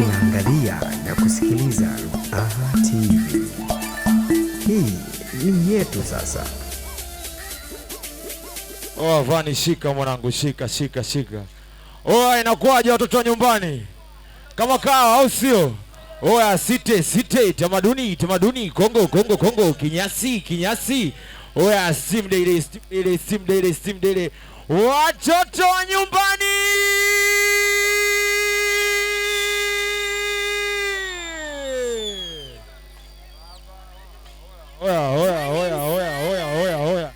Unaangalia na kusikiliza Raha TV. Hii ni yetu sasa. Oh, Vani, shika mwanangu, shika shika shika. Oh, inakuwaje watoto wa nyumbani kama kawa, au sio? Oya, site site, tamaduni tamaduni, Kongo Kongo Kongo, kinyasi kinyasi. Oya, simdeile simdeile simdeile simdeile, watoto wa nyumbani oya, oya, oya, oya, oya, oya, oya.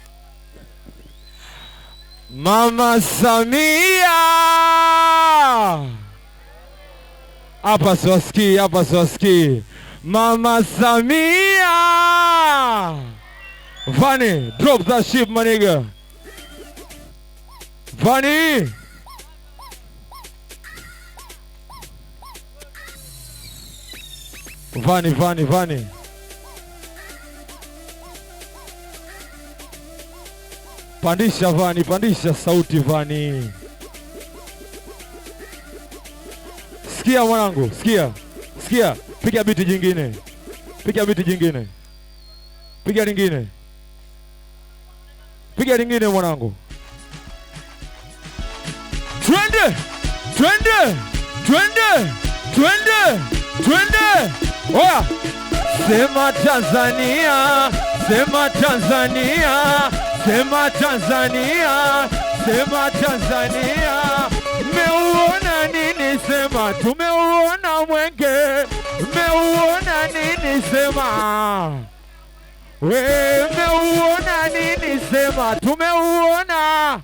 Mama Samia hapa siwasikii, hapa siwasikii. Mama Samia Vani, drop that ship maniga nigga. Vani Vani Vani Vani Pandisha vani, pandisha sauti vani. Sikia mwanangu, sikia, sikia, piga biti jingine, piga biti jingine, piga lingine, piga lingine mwanangu. Twende, twende, twende, twende, twende. Oya, sema Tanzania, sema Tanzania Sema Tanzania, sema Tanzania, mmeuona nini? Sema tumeuona mwenge, mmeuona nini? Sema we, mmeuona nini? Sema tumeuona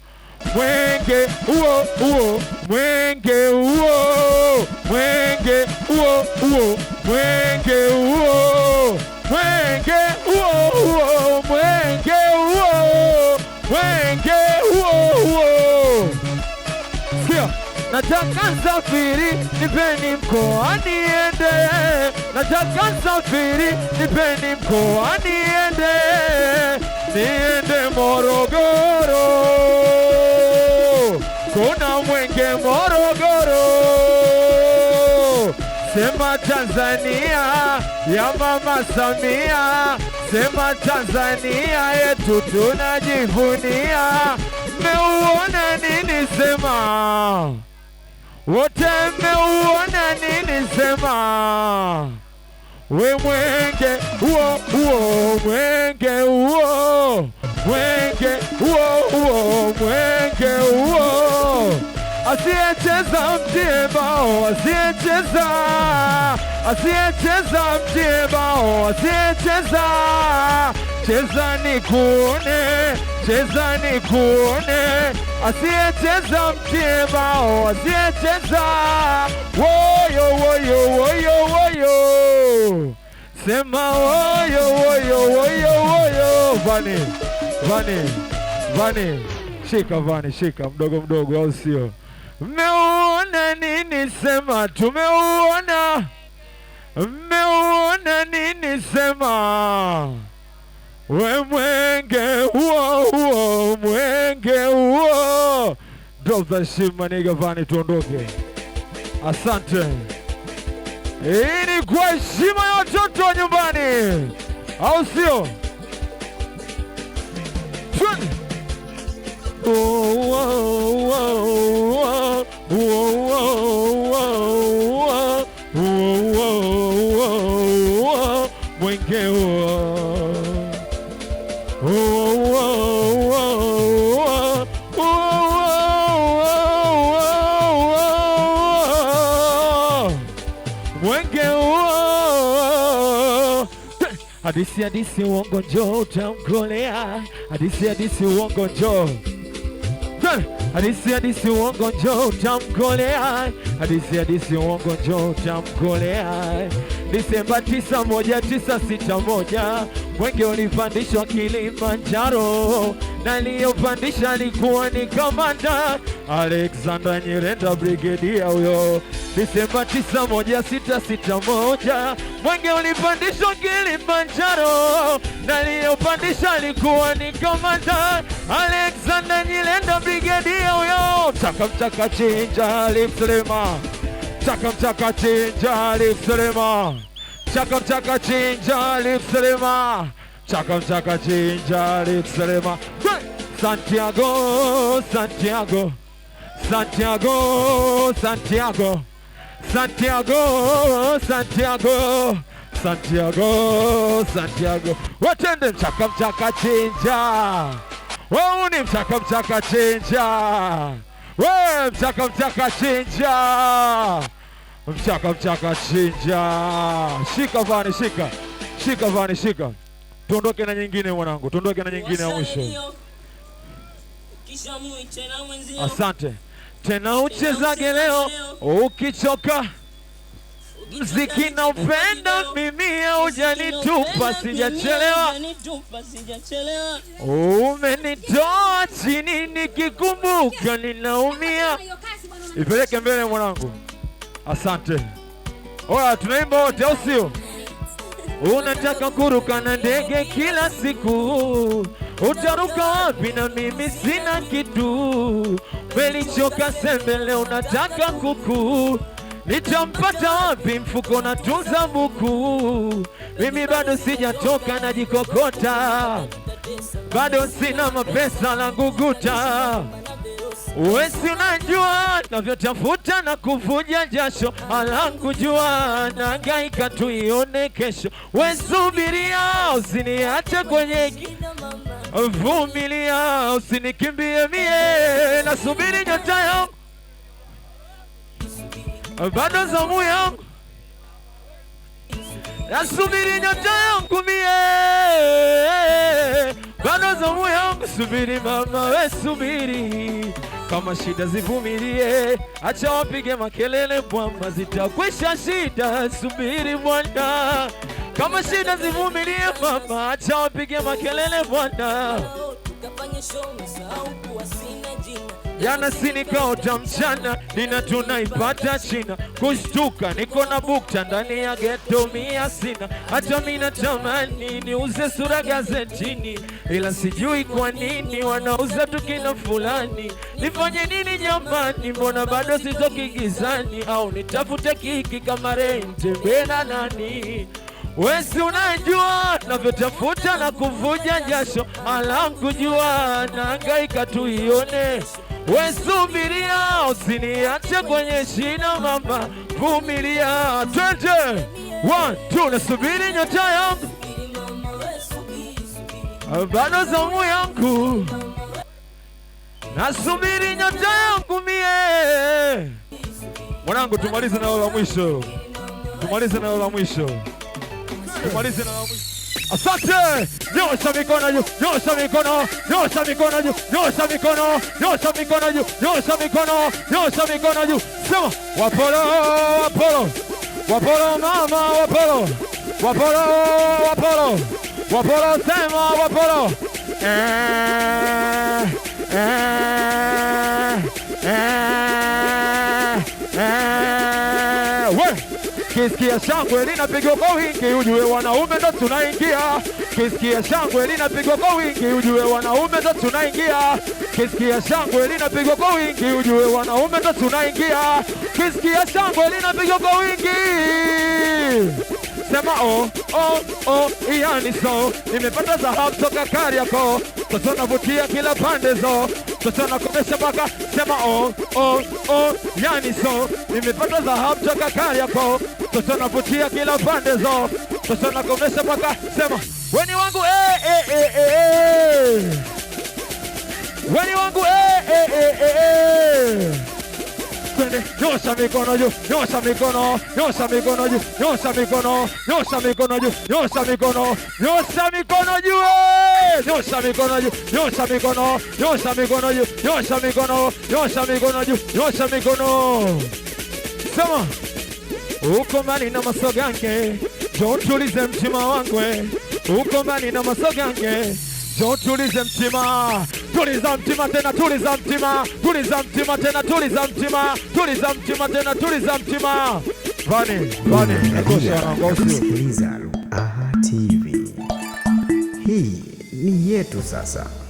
mwenge uo uo, mwenge uo, mwenge uo uo, mwenge uo, mwenge uo uo nataka safiri nipeni mkoa niende, nataka safiri nipeni mkoa niende, niende Morogoro, kuna mwenge Morogoro, sema Tanzania ya mama Samia, sema Tanzania yetu tunajivunia, meuona nini sema Utemeuona nini? Sema we mwenge uo uo, mwenge uo, mwenge uo uo, mwenge uo, asiyecheza mtibao, asiyecheza, asiyecheza mtibao, asiyecheza cheza ni kuone, cheza ni kuone, asiyecheza mtie asiyecheza woyo woyo woyo woyo, sema woyo woyo woyo woyo. Vani vani vani, shika vani, shika mdogo mdogo, au sio? Mmeuona nini? Sema tumeuona. Mmeuona nini? Sema we mwenge huo huo, mwenge huo. Drop that shit maniga vani, tuondoke. Asante. Hii ni kwa heshima ya watoto wa nyumbani, au sio? Mwenge huo this year this year utamgolea. go Joe uongo njoo. And this year this year Hadisi go Joe njoo utamgolea. Disemba tisa moja tisa sita moja mwenge ulipandishwa Kilimanjaro, na aliyopandisha alikuwa ni kamanda Alexander Nyirenda, brigedia huyo. Disemba tisa moja sita sita moja mwenge ulipandishwa Kilimanjaro, na aliyopandisha alikuwa ni kamanda Alexander Nyirenda, brigedia huyo. Chaka mchaka chinja Salim Suleiman Chaka mchaka chinja lipselema Chaka mchaka chinja lipselema Chaka mchaka chinja lipselema Santiago, Santiago Santiago, Santiago Santiago, Santiago Santiago, Santiago watende mchaka mchaka chinja wauni mchaka mchaka chinja we mchaka mchaka chinja Mchaka mchaka chinja, shika vani, shika shika vani, shika. Tuondoke na nyingine mwanangu, tuondoke na nyingine ya mwisho. Asante tena, uchezage leo ukichoka mziki na upendo, mimi hujanitupa, sijachelewa, umenitoa chini, nikikumbuka ninaumia. Ipeleke mbele mwanangu. Asante. Oya, tunaimba wote, au sio? Unataka kuruka na ndege kila siku, utaruka wapi? Na mimi sina kitu, melichoka sembele, unataka kuku nitampata wapi? Mfuko na tunza buku, mimi bado sijatoka, jikokota bado sina mapesa, la nguguta Wesi unajua navyotafuta na kuvuja jasho, alakujua na gaika tuione kesho. Wesubiria, usiniache kwenye vumilia, usinikimbie mie, nasubiri nyota yangu bado, zamu yangu nasubiri nyota yangu mie, bado zamu yangu. Subiri mama, we subiri kama shida zivumilie, acha wapige makelele bwana, zitakwisha shida, subiri bwana, kama shida zivumilie mama, acha wapige makelele bwana Jana sinikaota mchana, nina tunaipata China, kushtuka niko na bukta ndani ya geto, mia sina hata mina, tamani niuze sura gazetini, ila sijui kwa nini wanauza tukina fulani. Nifanye nini jamani, mbona bado sitoki Au nitafute kiki kama Rei, nani? Wesi unajua navyotafuta na kuvuja jasho, alankujua naangaika tuione. Wesubiria, usiniache kwenye shina mama, vumilia, twende watu, nasubiri nyota yangu, bado zamu yangu, nasubiri nyota yangu mie. Mwanangu, tumalize na la mwisho, tumalize na la mwisho. Success! Yo shall be gonna you, yo shall be gonna, yo shall be gonna you, yo shall be gonna, yo shall be gonna you, yo shall be gonna, yo shall be gonna you. Sama, Guapolo, guapolo, guapolo, mama, guapolo, guapolo, guapolo, é, guapolo, é! sama, guapolo. Eh, eh. Ukisikia shangwe linapigwa kwa wingi, ujue wanaume ndo tunaingia. Ukisikia shangwe linapigwa kwa wingi, ujue wanaume ndo tunaingia. Ukisikia shangwe linapigwa kwa wingi, ujue wanaume ndo tunaingia. Ukisikia shangwe linapigwa kwa wingi sema oh, oh, oh, so nimepata dhahabu toka Kariakoo, sasa navutia kila pande zo sasa nakomesha mpaka sema oh, oh, oh, yani so nimepata dhahabu toka Kariakoo, sasa navutia kila pande zo, sasa nakomesha mpaka sema weni wangu eh, eh, eh, eh, eh. weni wangu eh, eh, eh, eh, eh twende, nyosha mikono juu, nyosha mikono, nyosha mikono juu, nyosha mikono, nyosha mikono juu, nyosha mikono, nyosha mikono juu, nyosha mikono juu, nyosha mikono, nyosha mikono juu, nyosha mikono, nyosha mikono juu, nyosha mikono. Sema uko mbali na masogange, njoo tulize mtima wangu, uko mbali na masogange Njoo tulize mtima, tuliza mtima tena, tuliza mtima, tuliza mtima tena, tuliza mtima, tuliza mtima tena, tuliza mtima. Vani, vani, natosha anaongoza. Kusikiliza Ruaha TV. Hii ni sasa.